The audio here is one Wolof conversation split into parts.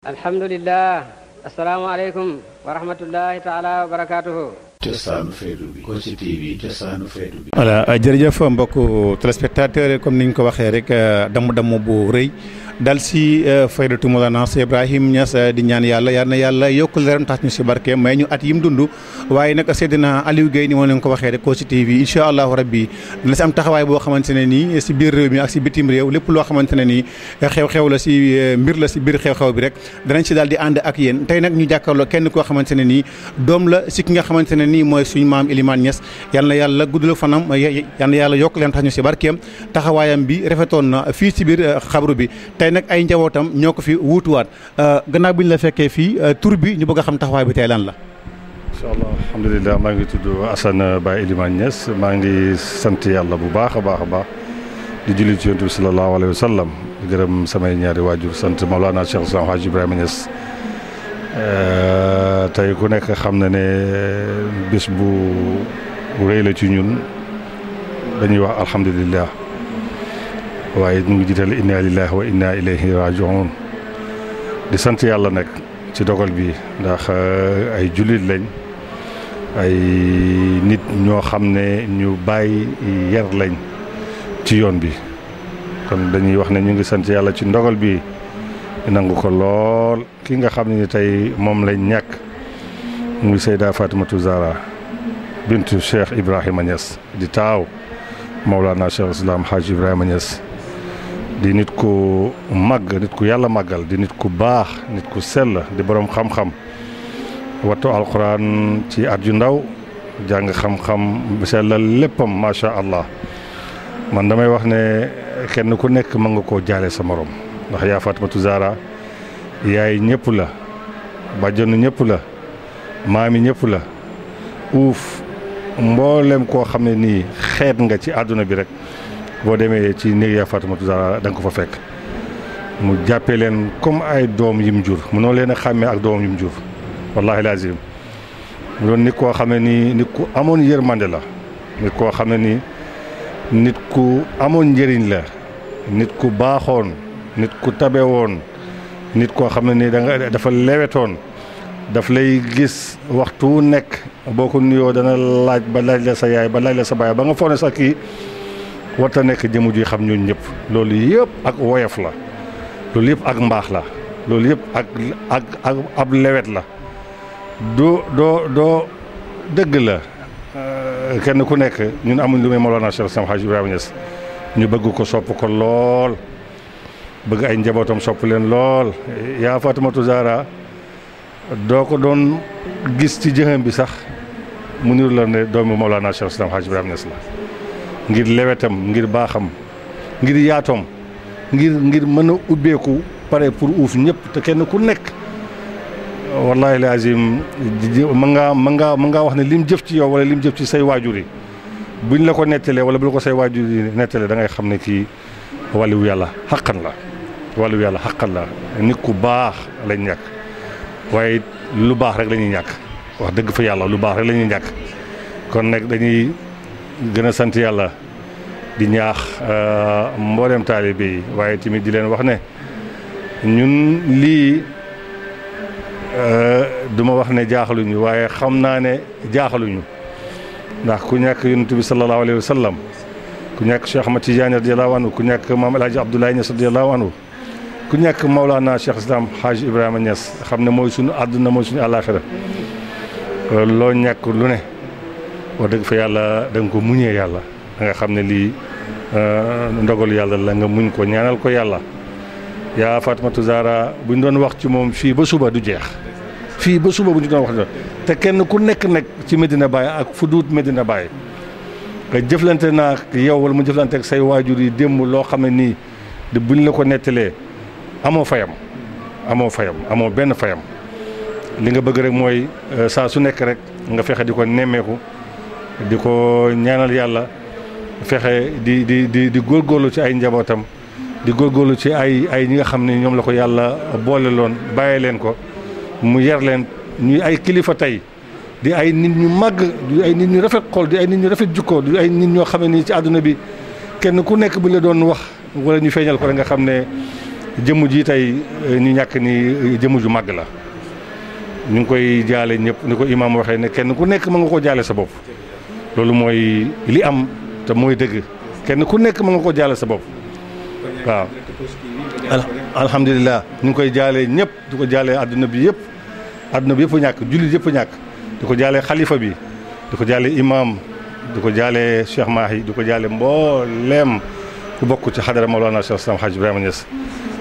alhamdulilah asalaamaaleykum wa rahmatullahi taala wa barakaatuhu cosaanu feetu bi Kossy TV cosaanu feetu bi voilà jërëjëf mbokk téléspectateur comme niñ ko waxee rek damu damu bo rëy dal si euh, faydatu Mawlana Cheikh Ibrahim Niass euh, di ñaan yàlla yal na yàlla yokk leeram tax ñu si barke may ñu at yim dund waaye nag Seydina Aliou Guèye ni moo leen ko waxee rek Kossy TV incha allahu rabbi dina si am taxawaay boo xamante ne nii si biir réew si bitim réew lépp loo xamante ne xew-xew la si euh, mbir la si biir xew-xew bi rek danañ si daal di ànd ak yéen tey nag ñu jàkkaarloo kenn koo xamante ne nii doom la si ki nga xamante ne nii mooy suñu maam Elimane Niass yal na yàlla fanam yal na yàlla yokk leeram tax ñu si barkeem taxawaayam bi rafetoon na fii si biir xabru bi tey tey nag ay njabootam ñoo ko fi wuutuwaat euh, gannaaw bi ñu la fekkee fii euh, tur bi ñu bëgg a xam taxawaay bi tey lan la. incha allah alhamdulilah maa ngi tudd Assane Baye Elimane Niass maa ngi sant yàlla bu baax a baax a baax di julli ci yonent bi salallaahu alayhi wa sallam di gërëm samay ñaari waajur sant Maulana Cheikh Islam Hadj Ibrahima Niass euh, tey ku nekk xam na ne bés bu rëy la ci ñun dañuy wax alhamdulilah waaye ñu ngi jiital inna lillahi wa inna ilayhi rajiun di sant yàlla nag ci dogal bi ndax uh, ay jullit lañ ay nit ñoo xam ne ñu bàyyi yar lañ ci yoon bi kon dañuy wax ne ñu ngi sant yàlla ci ndogal bi nangu ko lool ki nga xam ni tey moom lañ ñàkk ngi Seyda Fatimatu Zahra bintu ibrahim Ibrahima Niass di taaw Mawlana Cheikh Islam Hadj Ibrahima Niass di nit ku mag nit ku yalla magal di nit ku bax nit ku sel di borom xam-xam watu alquran ci arju ndaw jang xam-xam leppam ma sha allah man damay wax ne kenn ku nek ma nga ko jale sa morom ndax ya Fatimatu zara yaay ñepp la jonne ñepp la mami ñepp la mbollem ko xamne ni xet nga ci aduna bi rek boo demee ci néeg yaa Faatumatu Zahra da nga ko fa fekk mu jàppee leen comme ay doom yim jur mënoo leen a xàmmee ak doom yim jur wallaahi lazim mu doon nit koo xam ne ni nit ku amoon yërmande la nit koo xam ne nii nit ku amoon njëriñ la nit ku baaxoon nit ku tabe woon nit koo xam ne ni danga dafa lewetoon daf lay gis waxtu wu nekk boo ko nuyoo dana laaj ba laaj la sa yaay ba laaj la sa baay ba nga foog ne sax kii warta nekk jëmm juy xam ñun ñëpp loolu yëpp ak woyof la loolu yëpp ak mbaax la loolu yëpp ak ak ak ab lewet la doo doo doo dëgg la euh, kenn ku nekk ñun amuñ lu may Mawlana Cheikh Sam Hadj Ibrahima ñu bëgg ko sopp ko lool bëgg ay njabootam sopp leen lool yaa Fatimatu Zahra doo ko doon gis ci jëxam bi sax mu niru la ne doomu Mawlana Cheikh Sam Hadj Ibrahima Niass la ngir lewetam ngir baaxam ngir yaatoom ngir ngir mën a ubbeeku pare pour uuf ñëpp te kenn ku nekk wallahi lazim ma ngaa ma ngaa ma ngaa wax ne lim jëf ci yow wala lim jëf ci say waajur yi buñ la ko nettalee wala bu la ko say waajur yi nettalee da ngay xam ne kii wàllu yàlla xaqan la wàllu yàlla xaqan la nit ku baax lañ ñàkk waaye lu baax rek lañuy ñàkk wax dëgg fa yàlla lu baax rek la ñuy ñàkk kon nag dañuy gën a sant yàlla di ñaax euh, mboolem taalibe yi waaye tamit di leen wax ne ñun lii euh, du ma wax ne jaaxaluñu waaye xam naa ne jaaxaluñu ndax ku ñàkk yonent bi sallallahu alayhi wa sallam ku ñàkk Cheikh Ahmad Tidiane radiallahu anhu ku ñàkk maam El Hadj Abdoulaye Niass radiallahu anhu ku ñàkk Maulana Cheikh Islam Hadj Ibrahima ñas xam ne mooy suñu àdduna mooy suñu àllaaxira loo ñàkk lu ne. wax dëgg fa yàlla da nga ko muñee yàlla da nga xam ne lii euh, ndogalu yàlla la nga muñ ko ñaanal ko yàlla yaa Fatimatu bu ñu doon wax ci moom fii ba suba du jeex fii ba suba bu ñu doon wax te kenn ku nekk nekk ci meddina Baye ak fu duut Medina Baye nga jëflante na ak yow wala mu jëflante ak say waajur yi démb loo xam ne nii di buñ la ko nettalee amoo fayam amoo fayam amoo benn fayam li nga bëgg rek mooy euh, saa su nekk rek nga fexe di ko nemmeeku di ko ñaanal yàlla fexe di di di di góor góorlu ci ay njabootam di góor góorlu ci ay ay ñi nga xam ne ñoom la ko yàlla boole loon bàyyi leen ko mu yar leen ñuy ay kilifa tey di ay nit ñu màgg di ay nit ñu rafet xol di ay nit ñu rafet jukkoo di ay nit ñoo xam ne nii ci àdduna bi kenn ku nekk bu la doon wax wala ñu feeñal ko rek nga xam ne jëmm ji tey eh, ñu ñàkk ni eh, jëmm ju màgg la ñu ngi koy jaale ñëpp ni ko imaam waxee ne kenn ku nekk mu nga ko jaale sa bopp loolu mooy li am te mooy dëgg kenn ku nekk mën nga ko jaale sa bopp waaw alhamdulilah ñu ngi koy jaalee ñëpp du ko jaalee adduna bi yëpp adduna bi yëpp ñàkk jullit yëpp ñàkk du ko jaalee xalifa bi di ko jaalee imam du ko jaale Cheikh Mahi du ko jaale mbooleem ku bokk ci xadara Mawlana Cheikh Islam Hadj Ibrahima Niass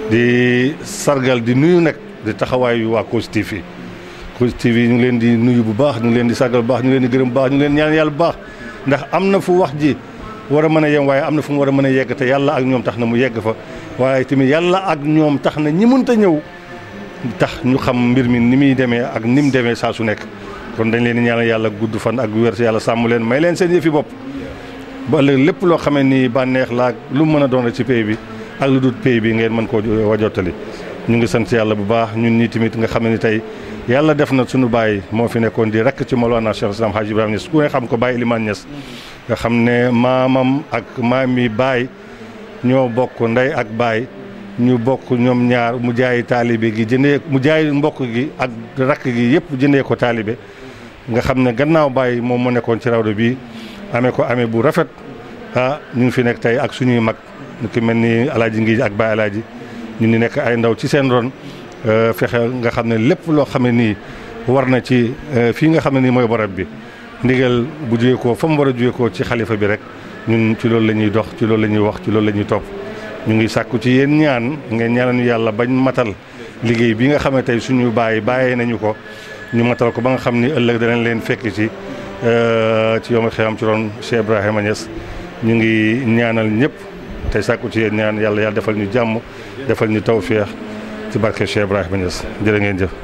di sargal di nuyu nag di taxawaayu waa Kossy TV Kossy TV ñu leen di nuyu bu baax ñu ngi leen di sàggal bu baax ñu ngi leen di gërëm bu baax ñu ngi leen ñaan yàlla bu baax ndax am na fu wax ji war a mën a yem waaye am na fu mu war a mën a yegg te yàlla ak ñoom tax na mu yegg fa waaye tamit yàlla ak ñoom tax na ñi mënta ñëw tax ñu xam mbir mi ni muy demee ak ni mu demee saa su nekk kon dañ leen di ñaanal yàlla gudd fan ak wér yàlla sàmmu leen may leen seen yëfi bopp ba ëllëg lépp loo xamee ni bànneex la ak mën a doon ci pays bi ak lu dul bi ngeen mën koo wajottali ñu ngi sant yàlla bu baax ñun ñii tamit nga xam ne tey yàlla def na suñu bàyyi moo fi nekkoon di rakk ci Mawlana Cheikh Islam Hadji Ibrahima Niass ku nga xam ko Baye Elimane Niass nga xam ne maamam ak maam yi baay ñoo bokk ndey ak baay ñu bokk ñoom ñaar mu jaay taalibe gi jëndee mu jaay mbokk gi ak rakk gi yëpp jëndee ko taalibe nga xam ne gannaaw bàyyi moom moo nekkoon ci rawdo bii amee ko amee bu rafet ah ñu ngi fi nekk tey ak suñuy mag ñu ki mel ni alaaji ngi ak baay ñu ni nekk ay ndaw ci seen ron euh, fexeel nga xam ne lépp loo xam ne nii war na ci euh, fii nga xam ne nii mooy barab bi ndigal bu jóge ko fa mu war a jóge ko ci xalifa bi rek ñun ci loolu la ñuy dox ci loolu la ñuy wax ci loolu la ñuy topp ñu ngi sàkku ci yéen ñaan ngeen ñaanal yàlla bañ matal liggéey bii nga xam ne tey suñu bàyyi bàyyee nañu ko ñu matal ko ba nga xam ni ëllëg danañ leen fekk ci euh, ci yoom xiyam ci ron Cheikh Ibrahima Niass ñu ngi ñaanal ñëpp te sàkku ci yéen ñaan yàlla yàlla defal ñu jàmm defal ñu tawféex ci barke Cheikh Ibrahima Niass jërë ngeen jëf.